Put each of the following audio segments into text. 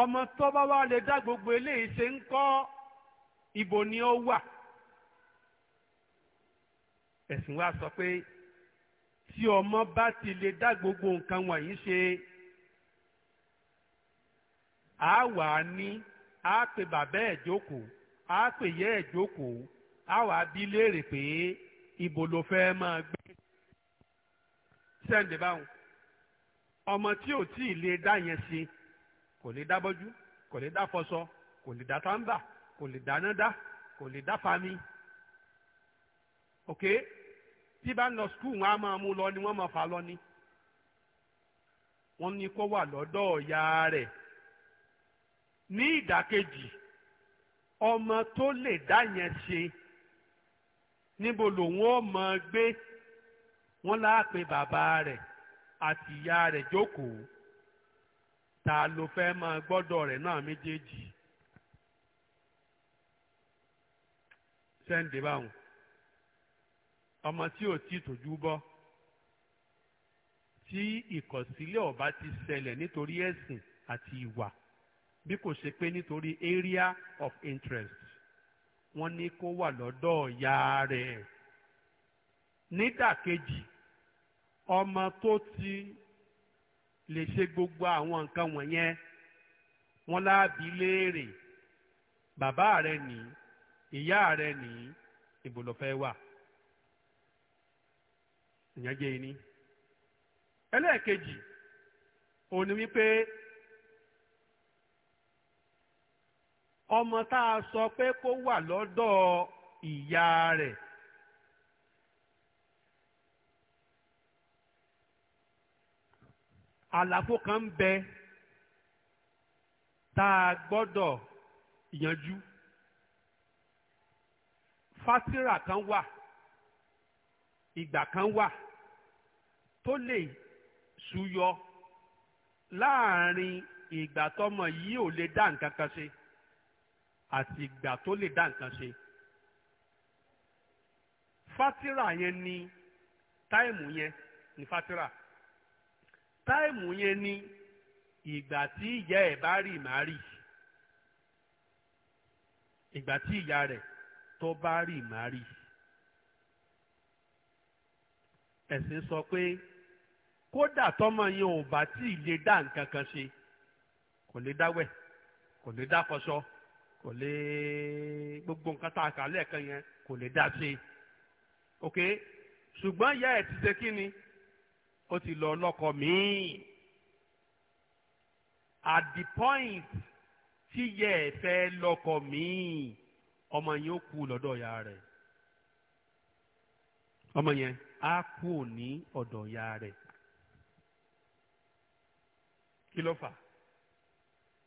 ọmọ tó bá wá lè dá gbogbo eléyìí ṣe ń kọ́ ibo ni ó wà ẹ̀sìn wa sọ pé tí ọmọ bá ti lè dá gbogbo nǹkan wọ̀nyí ṣe á wà á ní á pè bàbá ẹ̀ jókòó á pè yẹ́ ẹ̀ jókòó á wà á bí léèrè pé ibo ló fẹ́ máa gbé sẹ́ǹdẹ̀ báwọn ọmọ tí ò tí lè dá yẹn ṣe. Si kò lè dá bọ́jú kò lè dá fọṣọ kò lè dá táǹbà kò lè dáná dá kò lè dá fami ok tí bá ń lọ skul wọn á máa mú lọ ni wọn máa fà lọ ni wọn ní kó wà lọ́dọ̀ ọ̀yà rẹ̀ ní ìdàkejì ọmọ tó lè dá yẹn ṣe níbo lòun ó mọ gbé wọn láàpẹ bàbá rẹ̀ àti ìyá rẹ̀ jókòó ta ló fẹ́ máa gbọ́dọ̀ rẹ̀ náà méjèèjì sẹ́ǹdì báwọn ọmọ tí ò tí tójú bọ́ tí ìkọ̀sílẹ̀ ọ̀bá ti ṣẹlẹ̀ nítorí ẹ̀sìn àti ìwà bí kò ṣe pé nítorí area of interest wọ́n ní kó wà lọ́dọ̀ ìyá rẹ̀ nídàkejì ọmọ tó ti lè ṣe gbogbo àwọn nǹkan wọ̀nyẹn wọ́n láàbí léèrè bàbá rẹ nì ìyá rẹ nì ibo wà ìyẹn jẹ́ iní. ẹlẹ́ẹ̀kejì òun ni wípé ọmọ tá a sọ pé kó wà lọ́dọ̀ ìyá rẹ̀ àlàfo kan ń bẹ tá a gbọ́dọ̀ yanjú fásírà kan wà ìgbà kan wà tó lè ṣúyọ láàrin ìgbà tọmọ yìí ò lè dá nǹkan kan ṣe àti ìgbà tó lè dá nǹkan ṣe fátírà yẹn ni táìmù yẹn ni fátírà táìmù yẹn ni ìgbà tí ìyá ẹ̀ bá rì má rì ìgbà tí ìyá rẹ̀ tó bá rì má rì ẹ̀sìn sọ pé kódà tọ́mọ yẹn ò bá tí ì lè dá nǹkan kan ṣe kò lè dáwẹ̀ kò lè dákọṣọ kò lè gbogbo nǹkan tá a kà lẹ́ẹ̀kan yẹn kò lè dá ṣe ok ṣùgbọ́n ìyá ẹ̀ ti ṣe kí ni ó ti lọ lọ́kọ míì at the point tí yẹ ẹ fẹ́ lọ́kọ míì ọmọ yẹn ó kú lọ́dọ̀ ìyá rẹ̀ ọmọ yẹn á kú ní ọ̀dọ̀ ìyá rẹ̀ kí ló fà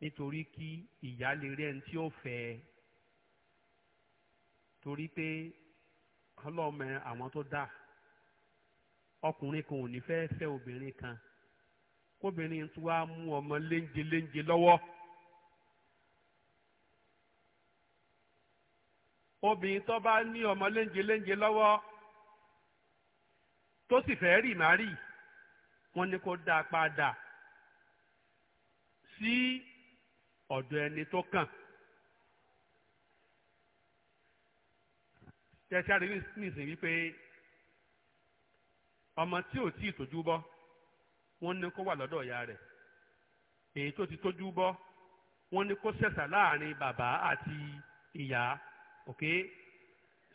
nítorí kí ìyá ẹni tí ó fẹ́ torí pé ọlọ́mọ àwọn tó dáa ọkùnrin kan ò ní fẹ́ fẹ́ obìnrin kan kóbìnrin tí wàá mú ọmọ léńje léńje lọ́wọ́ obìnrin tó bá ní ọmọ léńje léńje lọ́wọ́ tó sì fẹ́ rì má rì wọ́n ní kó dá a padà sí ọ̀dọ̀ ẹni tó kàn. tẹ̀síárì nìsín wípé ọmọ tí ò tí ì tójú bọ́ wọ́n ní kó wà lọ́dọ̀ ìyá rẹ̀ èyí tó ti tójú bọ́ wọ́n ní kó ṣẹ̀ṣà láàrin bàbá àti ìyá ok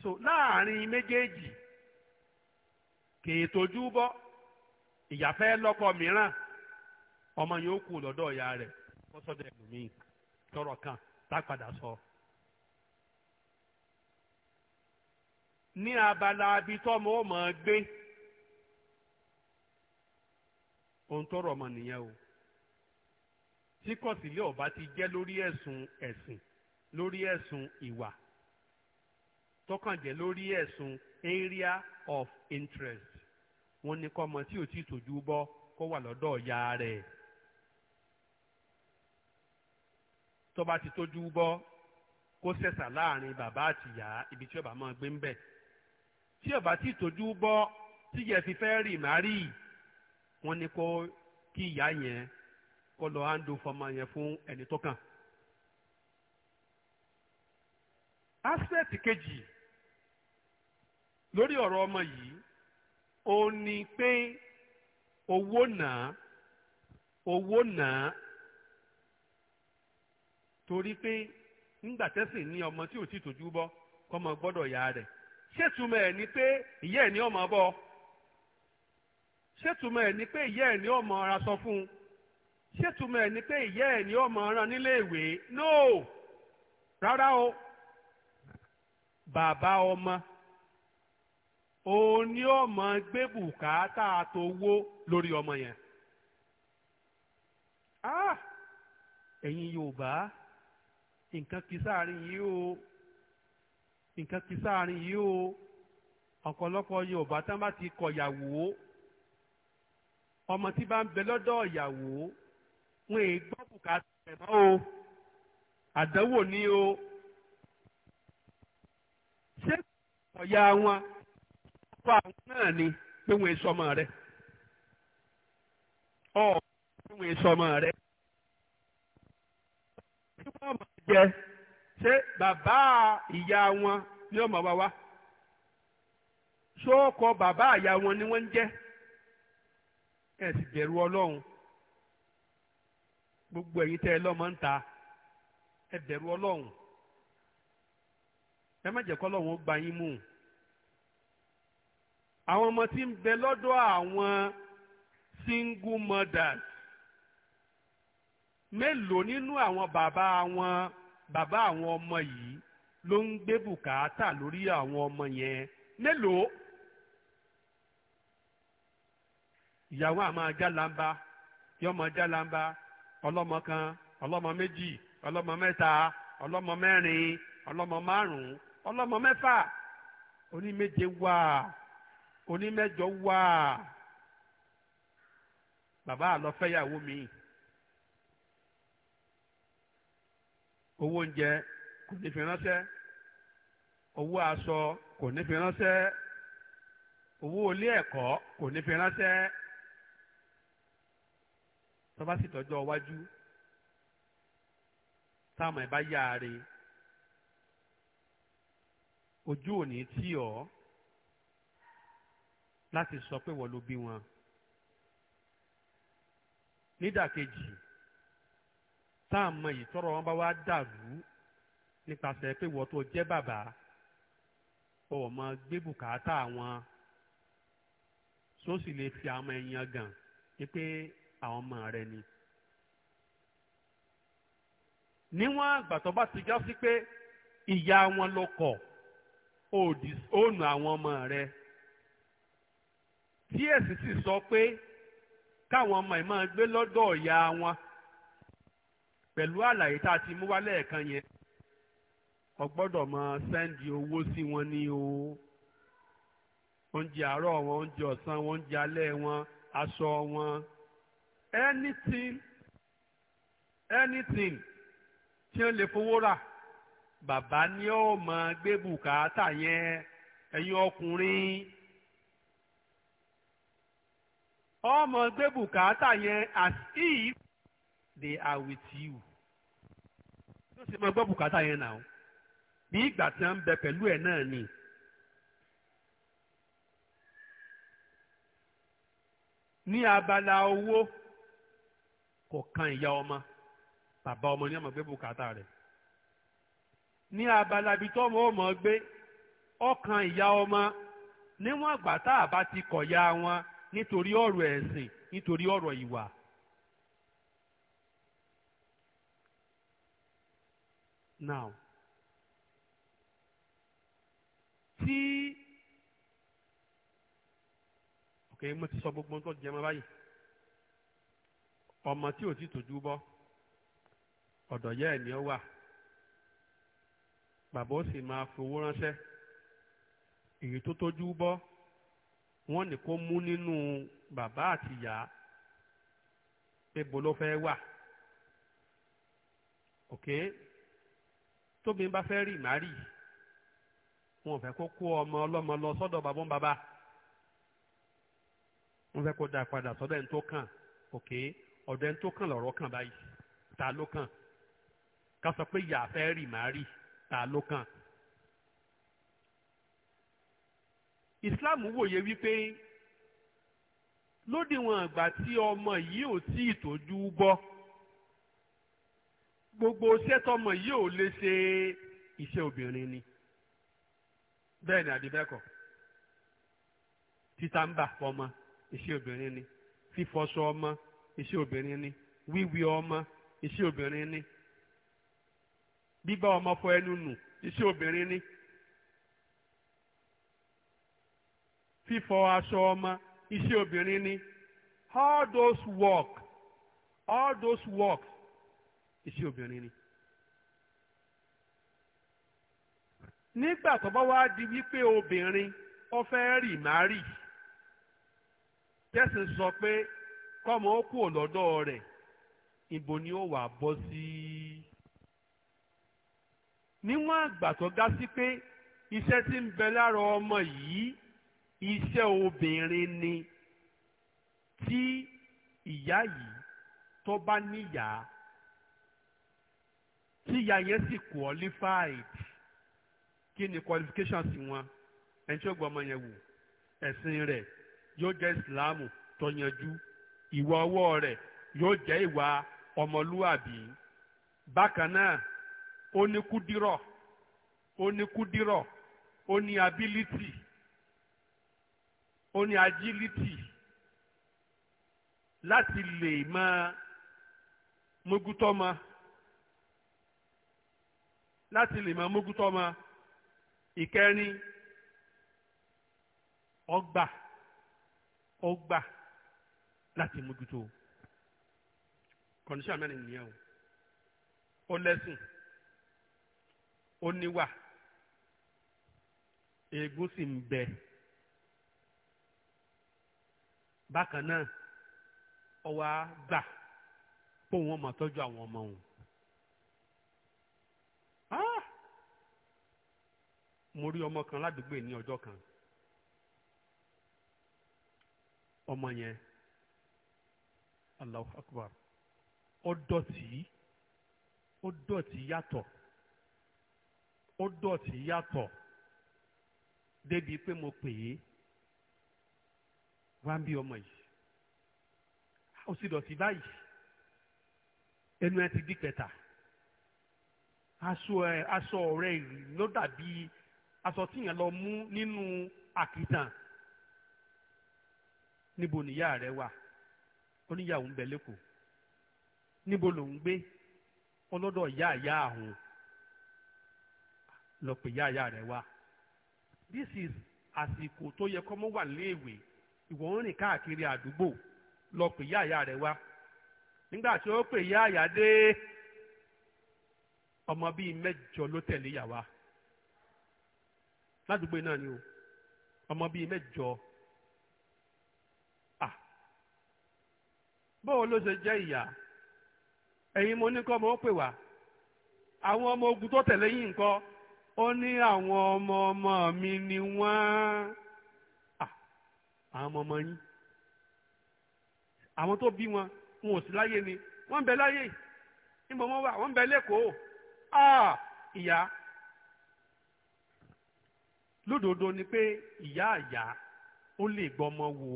so láàrin méjèèjì kèé tójú bọ́ ìyá fẹ́ lọ́kọ mìíràn ọmọ yóò kú lọ́dọ̀ ìyá rẹ̀ kọ́sọ́dọ̀ ẹlòmíì tọrọ kan tá a padà sọ. ní abala abitọ́mọ́ ó mọ̀ ọ́ gbé. ohun tọrọ ọmọ nìyẹn o tí kọ̀sílẹ̀ ọba ti jẹ́ lórí ẹ̀sùn ẹ̀sìn lórí ẹ̀sùn ìwà tọkàn jẹ́ lórí ẹ̀sùn area of interest wọ́n ní kọ́mọ tí ò ti tòjú bọ́ kó wà lọ́dọ̀ ọ̀ya rẹ̀ tọ́ba ti tójú bọ́ kó sẹ̀sà láàrin bàbá àtìyá ibi tí ọba máa gbé ń bẹ̀ tí ọba ti tójú bọ́ tíyẹ̀ fi fẹ́ rì má rí i. wọ́n ní kọ kí ìyá yẹn kó lọ áńdó fọmọ yẹn fún ẹni tó kàn. aspect kejì lórí ọ̀rọ̀ ọmọ yìí ó ní pé owó náà owó náà torí pé nígbà tẹ́sìn ní ọmọ tí ò ti tòjú bọ́ mọ gbọ́dọ̀ yá rẹ̀ ṣètumọ̀ ẹ̀ ni pé ìyá ẹ̀ ọmọ bọ́ ọ. ṣètùmọ̀ ẹ̀ ni pé ìyá ẹ̀ ni ó mọ ara sọ fún un ṣètùmọ̀ ẹ̀ ni pé ìyá ẹ̀ ni ó mọ ara nílé ìwé no rárá o bàbá ọmọ òun ni ó mọ gbé bùkátà tó wó lórí ọmọ yẹn ah ẹ̀yin Yorùbá nǹkan kì í sáàrin yìí o nǹkan kì sáàrin yìí o ọ̀pọ̀lọpọ̀ Yorùbá tán bá ti kọ̀yàwó ọmọ tí bá ń bẹ lọ́dọ̀ ìyàwó wọn èé gbọ́ bùkátà rẹ̀ mọ́ o àdánwò ni o ṣé ọ̀yà wọn ọkọ àwọn náà ni pé wọn èso ọmọ rẹ ọ pé wọn èso ọmọ rẹ tí wọn mọ jẹ ṣé bàbá ìyá wọn ni ọmọ wa wá ṣó bàbá ìyá wọn ni wọn ń jẹ ẹ sì bẹ̀rù ọlọ́run gbogbo ẹ̀yin tẹ́ ẹ lọ́mọ ń ta ẹ bẹ̀rù ọlọ́run ẹ má jẹ́ kọ́lọ́run ó gba yín mú un àwọn ọmọ tí ń bẹ lọ́dọ̀ àwọn single mothers mélòó nínú àwọn bàbá wọn bàbá àwọn ọmọ yìí ló ń gbé bùkátà lórí àwọn ọmọ yẹn mélòó. ìyàwó àmọ́ jálàmbá yọmọ jálàmbá ọlọ́mọ kan ọlọ́mọ méjì ọlọ́mọ mẹ́ta ọlọ́mọ mẹ́rin ọlọ́mọ márùn-ún ọlọ́mọ mẹ́fà oníméje wà onímẹ́jọ wà bàbá àlọ́fẹ́yàwó mi owó oúnjẹ kò ní fi ránṣẹ́ owó aṣọ kò ní fi ránṣẹ́ owó ilé ẹ̀kọ́ kò ní fi ránṣẹ́ tó bá sì tọ́jọ́ iwájú táwọn ẹ̀ bá yáre ojú ò ní tì láti sọ pé wọ́n ló bí wọn nídàkejì táàmù yìí tọrọ wọn bá wá dàrú nípasẹ̀ pé wọ́n tó jẹ́ bàbá ò mọ gbé bùkátà wọn sósì lè fi àwọn èèyàn gàn pé àwọn ọmọ rẹ ni níwọ̀n àgbà tó bá ti já sí pé ìyá wọn ló kọ̀ òònù àwọn ọmọ rẹ tí sì sọ pé káwọn ọmọ ẹ̀ máa gbé lọ́dọ̀ ìyá wọn pẹ̀lú àlàyé tá a ti mú wá lẹ́ẹ̀kan yẹn o gbọ́dọ̀ máa sẹ́ndì owó sí wọn ní o oúnjẹ àárọ̀ wọn oúnjẹ ọ̀sán wọn oúnjẹ alẹ́ wọn aṣọ wọn anything anything tí ó lè fowó rà bàbá ni ó máa gbé bùkátà yẹn ẹ̀yin ọkùnrin ó gbé bùkátà yẹn as if they are with you yóò sì máa gbọ́ bùkátà yẹn náà bí ìgbà tí wọ́n ń bẹ pẹ̀lú ẹ̀ náà ni. ní abala owó. kò kan ìyá ọmọ bàbá ọmọ ní ọmọ gbé bùkátà rẹ̀ ní abala ibi tọ́mọ gbé ọkàn ìyá ọmọ níwọ̀n àgbà tá a bá ti kọ̀yà wọn nítorí ọ̀rọ̀ ẹ̀sìn nítorí ọ̀rọ̀ ìwà. now tí ok mo ti sọ gbogbo báyìí. ọmọ tí ò ti tójú bọ́ ọ̀dọ̀ yẹ́ ẹ̀ ni ó wà bàbá ó sì máa fowó ránṣẹ́ èyí tó tójú bọ́ wọ́n ní kó mú nínú bàbá àtìyá pé bo ló fẹ́ wà òkè tóbi bá fẹ́ rì má wọn fẹ́ kó kó ọmọ ọlọ́mọ lọ sọ́dọ̀ bàbá ń bàbá wọn fẹ́ kó dá padà sọ́dọ̀ ẹni tó kàn òkè. Okay? ọ̀dọ̀ ẹni tó kàn lọ́rọ̀ kàn báyìí ta ló kàn ká sọ pé ìyá fẹ́ rì má rì ta ló kàn. ìsìláàmù wòye wípé lódiwọ̀n àgbà tí ọmọ yìí ò tí ì tójú bọ́ gbogbo iṣẹ́ tọmọ yìí ò lè ṣe iṣẹ́ obìnrin ni bẹ́ẹ̀ ni àdìbẹ́kọ̀ títà ń bà fọmọ iṣẹ́ obìnrin ni fífọṣọ ọmọ iṣẹ́ obìnrin ni wíwí ọmọ iṣẹ́ obìnrin ni bíbá ọmọ fọ ẹnu nù iṣẹ́ obìnrin ni fífọ aṣọ ọmọ iṣẹ́ obìnrin ni all those work all those works iṣẹ́ obìnrin ni. nígbà tó bá wá di wípé obìnrin ó fẹ́ rì má rì tẹ́sí sọ pé kọ́mọ ó kúrò lọ́dọ̀ rẹ̀ ibo ni ó wà bọ́ sí. níwọ̀n àgbà tó ga sí pé iṣẹ́ tí ń bẹ lára ọmọ yìí iṣẹ́ obìnrin ni tí ìyá yìí tó bá níyà tí ìyá yẹn sì qualified kí ni qualifications wọn ẹni tí ó gbọ́ ọmọ yẹn wò ẹ̀sìn rẹ̀ yóò jẹ́ ìsìláàmù tó yanjú ìwà ọwọ́ rẹ̀ yóò jẹ́ ìwà ọmọlúwàbí bákan náà ó ní kúdírọ̀ ó ní kúdírọ̀ ó ní ability ó ní agility láti lè máa mógútọ́mọ láti lè máa mógútọ́mọ ìkẹrin ọgbà ọgbà láti mójútó kọ̀ǹdíṣà mẹ́rin nìyẹn o ó lẹ́sìn ó níwà eégún sì ń bẹ bákan náà ó wá gbà pé òun ọmọ tọ́jú àwọn ọmọ òun. Ah! mo rí ọmọ kan ládùúgbò ní ọjọ́ kan ọmọ yẹn Allahu Akbar ó dọ̀tí ó dọ̀tí yàtọ̀ ó dọ̀tí yàtọ̀ débi pé mo pè é wá ń bí ọmọ yìí ó sì dọ̀tí báyìí ẹnu ẹ ti di kẹta aṣọ ẹ aṣọ ọrẹ ló dàbí aṣọ tíyẹn lọ mú nínú àkìtàn níbo nìyá rẹ wà. oníyàwó ń bẹ lẹ́kọ̀ọ́ níbo ló ń gbé ọlọ́dọ̀ ìyá ìyá àwọn lọ pè ìyá ìyá rẹ̀ wá this is àsìkò tó yẹ kọ́mọ́ wà léèwé ìwọ ń rìn káàkiri àdúgbò lọ pè ìyá ìyá rẹ̀ wá nígbà tí ó pè ìyá ìyá dé ọmọ bíi mẹjọ ló tẹ̀lé ìyá wa ládùúgbò náà ni o ọmọ bíi mẹjọ. bóun ló ṣe jẹ́ ìyá ẹ̀yin mo ní kọ́ mo pè wá àwọn ọmọ ogun tó tẹ̀lé yìí nǹkan ó ní àwọn ọmọ ọmọ mi ni wọ́n àwọn ọmọ ọmọ yín àwọn tó bí wọn wọn ò sí láyé ni wọ́n ń bẹ láyé níbo wọ́n wà wọ́n ń bẹ lẹ́kọ̀ọ́ ìyá lódodo ni pé ìyá àyà ó lè gbọ́mọ wò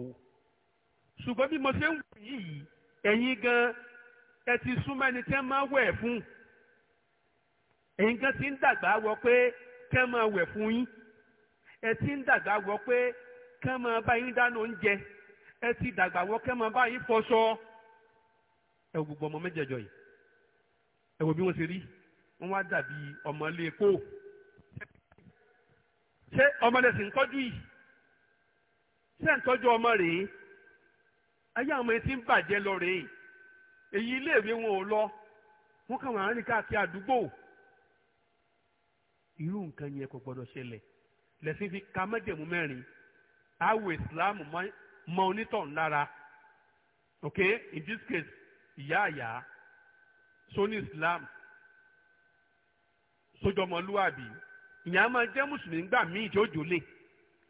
ṣùgbọ́n bí mo ṣe ń wò yìí ẹ̀yin gan ẹ ti súnmọ́ ẹni tẹ́ máa wẹ̀ fún ẹ̀yin gan ti ń dàgbà wọ pé kẹ́ máa wẹ̀ fún yín ẹ ti ń dàgbà wọ pé kẹ́ máa bá yín dáná oúnjẹ ẹ ti dàgbà wọ kẹ́ máa bá yín fọṣọ ẹ wò gbogbo ọmọ mẹ́jẹ̀ẹ̀jọ yìí ẹ wò bí wọ́n ṣe rí wọ́n wá dàbí ọmọ ilé ṣé sì ọmọ rèé. ayé àwọn etí ń bàjẹ́ lọ rèé èyí iléèwé wọn ò lọ wọn kàn wọn rìn káàkiri àdúgbò irú nǹkan yẹn kò gbọdọ̀ ṣẹlẹ̀ lẹ́sìn fi ka mẹ́jẹ̀mú mẹ́rin ok in this case ìyá àyà sóní islam sójọmọlúwàbí ìyá máa jẹ́ mùsùlùmí gbà míì tí ó jòlè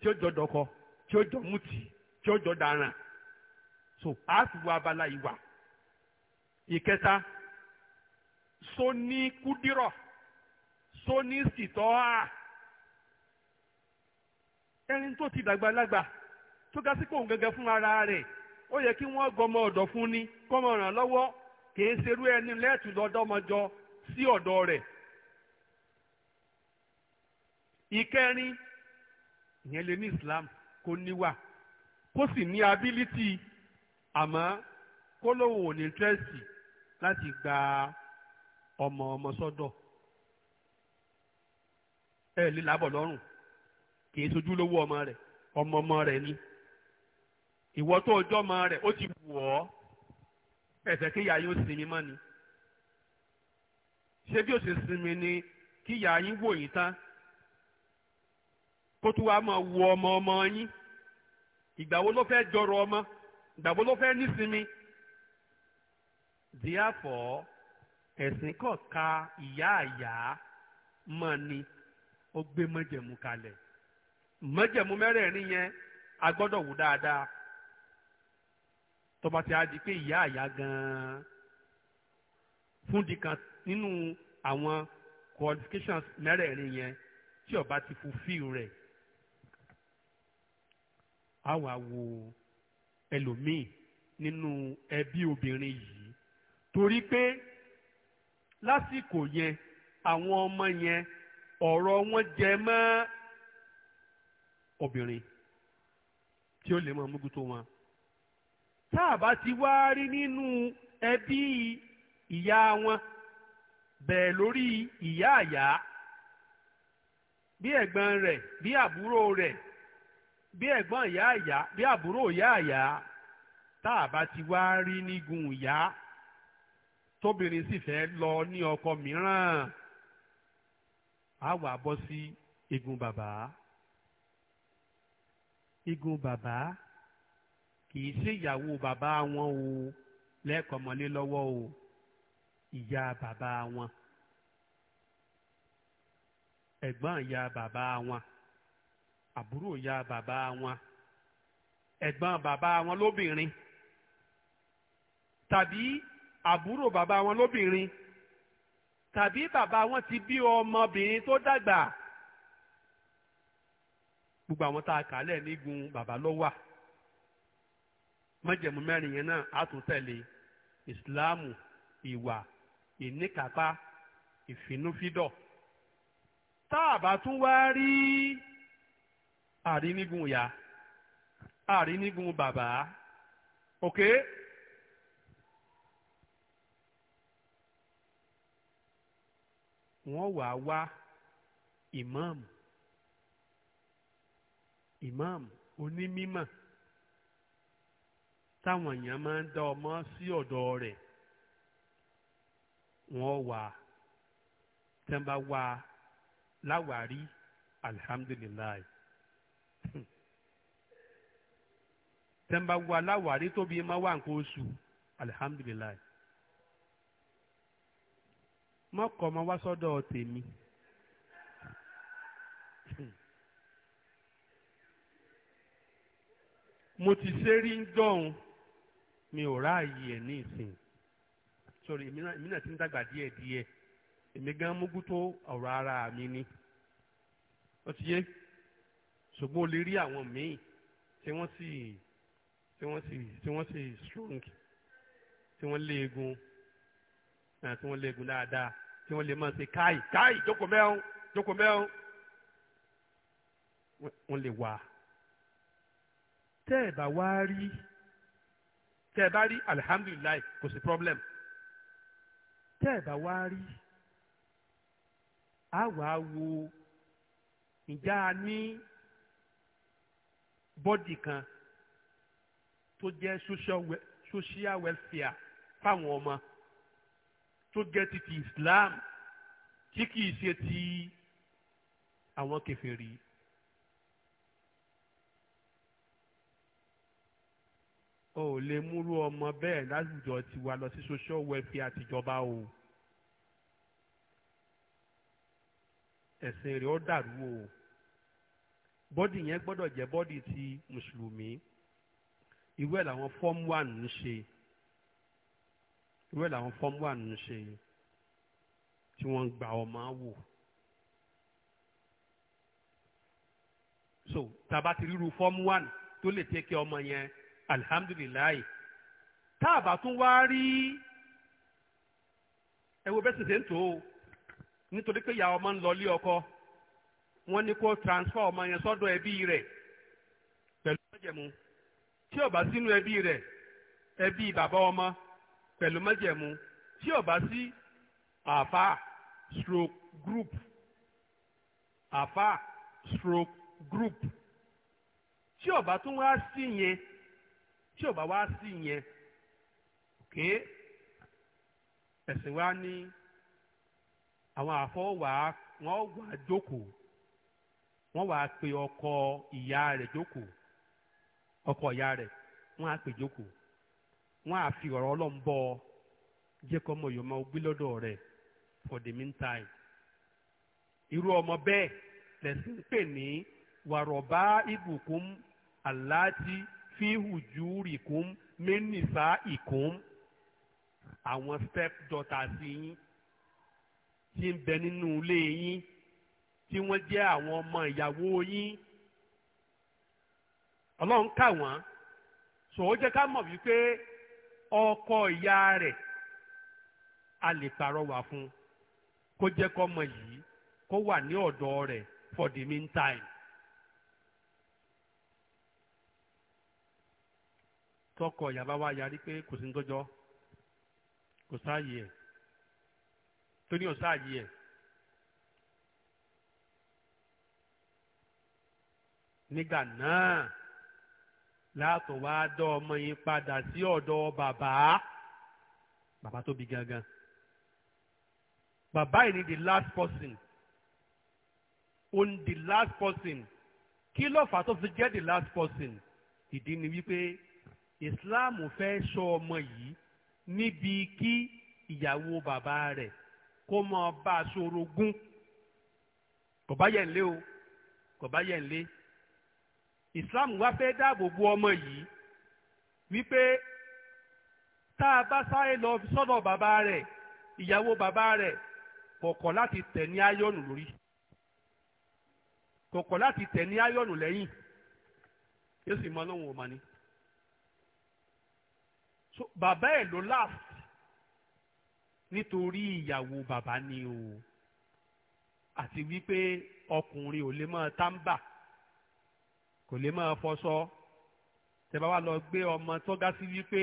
tí ó jọ dọkọ tí ó jọ so àti wo abala ìwà ìkẹta so ní kúdírọ̀ so ni sìtọ́ à ẹni tó ti dàgbà lágbà tó ga sí pòun gẹ́gẹ́ fún ara rẹ̀ ó yẹ kí wọ́n gọmọ ọ̀dọ̀ fún ni kọ́mọ ràn lọ́wọ́ kìí ṣerú ẹni lẹ́ẹ̀tù lọ́dọ́mọjọ sí ọ̀dọ̀ rẹ̀ ìkẹrin ìyẹn lè ní Islam kó níwà kó sì ní ability àmọ́ kó lóun ò ní tírẹ́sì láti gba ọmọ ọmọ sọ́dọ̀ ẹ lè lábọ̀ lọ́rùn kì í sojú lówó ọmọ rẹ̀ ọmọ ọmọ rẹ̀ ni ìwọ tó ọjọ́ ọmọ rẹ̀ ó ti wù ọ́ ẹ̀fẹ̀ kíyà yóò sinmi mọ́ ni ṣé bí ó ṣe sinmi ni kíyà yín wò yín tán kó tó wàá máa wo ọmọ ọmọ yín ìgbà wo ló fẹ́ jọrọ ọmọ ìgbàgbọ́ ló fẹ́ nísinmi díàfọ̀ ẹ̀sìn kọ̀ọ̀ka ìyá àyà mọ́ ni ó gbé mọ́jẹ̀mú kalẹ̀ mọ́jẹ̀mú mẹ́rẹ̀ẹ̀rin yẹn a gbọ́dọ̀ wù dáadáa tọba ti a di pé ìyá àyà gan-an fúndì kan nínú àwọn qualifications mẹ́rẹ̀ẹ̀rin yẹn tí ó ti fulfill rẹ̀ a wà wò ó ẹlòmíì nínú ẹbí obìnrin yìí torí pé lásìkò yẹn àwọn ọmọ yẹn ọ̀rọ̀ wọn jẹ mọ́ obìnrin tí ó lè mọ muguto wọn tá a bá ti wá rí nínú ẹbí ìyá wọn bẹ́ẹ̀ lórí ìyá àyà bí ẹ̀gbọ́n rẹ̀ bí àbúrò rẹ̀ bí ẹ̀gbọ́n ìyá ìyá bí àbúrò ìyá ìyá tá a bá ti wá rí nígun ìyá tóbìnrin sì fẹ́ lọ ní ọkọ mìíràn á wà bọ́ sí igun bàbá igun bàbá kì í ṣe ìyàwó bàbá wọn o lẹ́ẹ̀kọ́mọlé lọ́wọ́ o ìyá bàbá wọn ẹ̀gbọ́n ìyá bàbá wọn àbúrò ya bàbá wọn ẹ̀gbọ́n bàbá wọn lóbìnrin tàbí àbúrò bàbá wọn lóbìnrin tàbí bàbá wọn ti bí ọmọbìnrin tó dàgbà gbogbo àwọn tá a kà lẹ̀ nígun bàbá ló wà májẹ̀mú mẹ́rin yẹn náà á tún tẹ̀lé ìsìláàmù ìwà ìníkàpá ìfinúfídọ̀ tá a bá tún wá rí àrí nígun ìyá àrí bàbá ok. wọ́n wàá wá ìmáàmù ìmáàmù onímímọ̀ táwọn èèyàn máa ń dá ọmọ sí ọ̀dọ̀ rẹ̀ wọ́n wà tẹ́ ń bá wà láwàárí alihamdulilayi tẹ́ǹbà wo aláwárí tóbi máa wà nǹkan oṣù alihamdulilayi mọ́kọ́ ma wá sọ́dọ̀ tèmi. mo ti ṣe rí ń dọ̀hún mi ò ráàyè ẹ̀ ní ìsìn sọ̀rọ̀ èmi náà ti ń dàgbà díẹ̀ díẹ̀ èmi gan mú gútó ọ̀rọ̀ ara mi ni ó ti ṣùgbọ́n o lè rí àwọn míì tí wọ́n sì tí wọ́n sì tí wọ́n sì strong tí wọ́n lé egun tí wọ́n lé egun dáadáa tí wọ́n lè máa ṣe káì káì jókòó mẹ́rin jókòó mẹ́rin wọ́n lè wà. tẹ́ ẹ̀ bá wá rí tẹ́ ẹ bá rí alihamdulilayi kò sí problem tẹ́ ẹ bá wá rí a wàá wo ìjà ní bọ́dì kan tó jẹ́ social welfare fáwọn ọmọ tó jẹ́ ti ti Islam tí kìí ṣe ti àwọn kèfèrí. o ò lè múrú ọmọ bẹ́ẹ̀ láwùjọ tiwa lọ sí social welfare àtijọba o ẹ̀sìn rẹ̀ ó dàrú o bọ́dì yẹn gbọ́dọ̀ jẹ́ bọ́dì ti mùsùlùmí irú ẹ̀ làwọn form one ń ṣe irú ẹ̀ làwọn form one ń ṣe tí wọ́n ń gba ọmọ wò. so tàbá ti ríru form one tó lè tẹ́kẹ́ ọmọ yẹn alihamdulilayi táàbà tún wá rí ẹ wo bẹ́sẹ̀ ṣe ń tò ó nítorí pé ìyá ọmọ ń lọ ilé ọkọ wọ́n ní kó transfer ọmọ yẹn sọ́dọ̀ ẹbí rẹ̀ pẹ̀lú májẹ̀mú tí ó bá sínú ẹbí rẹ̀ ẹbí bàbá ọmọ pẹ̀lú májẹ̀mú tí ó sí àfà stroke group àfà stroke group tí ó bá tún wá sí yẹn tí ó bá wá sí yẹn òkè ẹ̀sìn wa ní àwọn àfọwà wọn wà jókòó wọ́n wàá pe ọkọ ìyá rẹ̀ jókòó ọkọ ìyá rẹ̀ wọ́n á pè jókòó wọ́n á fi ọ̀rọ̀ ọlọ́mbọ jẹ́ kọ́ ọmọ yòóma ogbé lọ́dọ̀ rẹ̀ for the meantime irú ọmọ bẹ́ẹ̀ lẹ́sìn pè ní wàrọ̀bá ibùkún aláàtì ìkún àwọn step daughters yín tí ń nínú ilé yín. tí wọ́n jẹ́ àwọn ọmọ ìyàwó yín ọlọ́run kà wọ́n sọ jẹ́ ká mọ̀ wípé ọkọ ìyá rẹ̀ a lè pàrọwà fún kó jẹ́ kọ́mọ yìí kó wà ní ọ̀dọ̀ rẹ̀ for the meantime. tọkọ ìyàbá wa yarí pé kò sí ń kò sáàyè nígbà náà láàtọ̀ wá dọ́ ọmọ yín padà sí ọ̀dọ̀ bàbá bàbá tó gangan bàbá yìí ni the last person on the last person kí ló fà tó fi jẹ́ the last person ìdí ni wípé ìsìláàmù fẹ́ sọ ọmọ yìí níbi kí ìyàwó bàbá rẹ̀ kó máa bá a ṣorogún kò bá yẹ̀ lé o kò bá yẹ̀ ń lé. Islam wá fẹ́ dáàbò bo ọmọ yìí wípé tá a bá sáré lọ sọ́dọ̀ bàbá rẹ̀ ìyàwó bàbá rẹ̀ kọ̀kọ̀ láti tẹ̀ ní áyọ̀nù lórí kọ̀kọ̀ láti tẹ̀ ní áyọ̀nù lẹ́yìn yóò sì mọ ọlọ́run ọmọ ni so bàbá ẹ̀ ló last nítorí ìyàwó bàbá ni o àti wípé ọkùnrin ò lè máa tá ń bà kò lè máa fọṣọ tẹ́ bá wá lọ gbé ọmọ tó ga sí wípé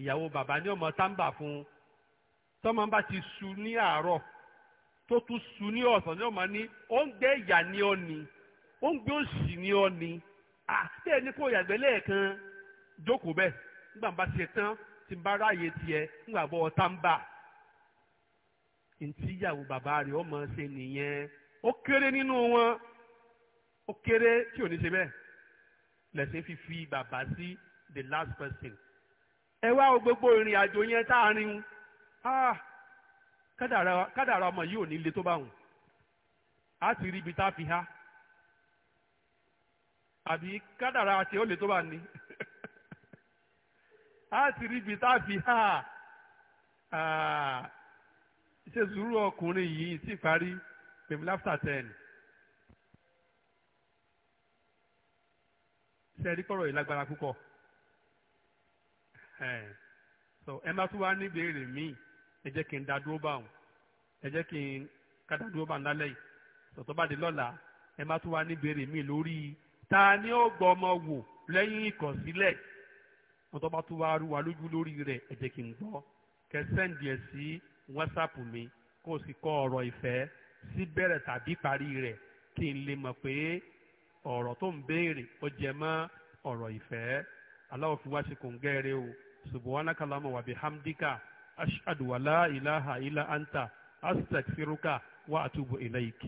ìyàwó bàbá ní ọmọ táǹbà fún un tọ́mọ bá ti su ní àárọ̀ tó tún su ní ọ̀sán ní ọmọ ní ó ń gbé ìyà ní ọ ni ó ń gbé òṣì ní ọ ni àti ẹni kó yàgbẹ́ lẹ́ẹ̀kan jókòó bẹ́ẹ̀ nígbà bá ṣe tán tí n bá ráàyè tiẹ̀ nígbà bọ́ ọ ntí ìyàwó bàbá rẹ̀ ọmọ ṣe nìyẹn ó kéré nínú wọn ó kéré tí ò ní ṣe bẹ́ẹ̀ lẹ́sìn fífi bàbá sí the last person. ẹ wá o gbogbo ìrìn àjò yẹn tá a rin un ah, kádàrà ọmọ yìí ò ní le tó bá wùn á ti rí ibi tá a fi há àbí kádàrà àti ó tó bá ní á ti rí ibi tá a fi há ah, ṣe sùúrù ọkùnrin yìí sì parí pèmí láfítà tẹ́ẹ̀nì. sẹ́ẹ̀rí kọ́rọ̀ yìí lágbára púpọ̀ so ẹ má tún wá ní ìbéèrè míì ẹ jẹ́ kí n dá dúró bá wọn ẹ jẹ́ kí n kádà dúró bá wọn lálẹ́ yìí sọ̀tọ́ bá di lọ́la ẹ má tún wá ní ìbéèrè míì lórí ta ni ó gbọ́ ọmọ wò lẹ́yìn ìkọ̀sílẹ̀ wọn tó bá tún wá rú wa lójú lórí rẹ̀ ẹ jẹ́ kí n gbọ́ kẹ́ sẹ́ǹdì ẹ̀ sí whatsapp mi kó o sì kọ ọ̀rọ̀ ìfẹ́ sí bẹ̀rẹ̀ tàbí parí rẹ̀ kí n lè mọ̀ pé ọ̀rọ̀ tó ń béèrè ó jẹ mọ́ ọ̀rọ̀ ìfẹ́ Allah fi wá ṣe kòǹgẹ́ rẹ o subhanaka Allahumma wa bihamdika ashhadu wa la ilaha anta astaghfiruka wa atubu ilayk.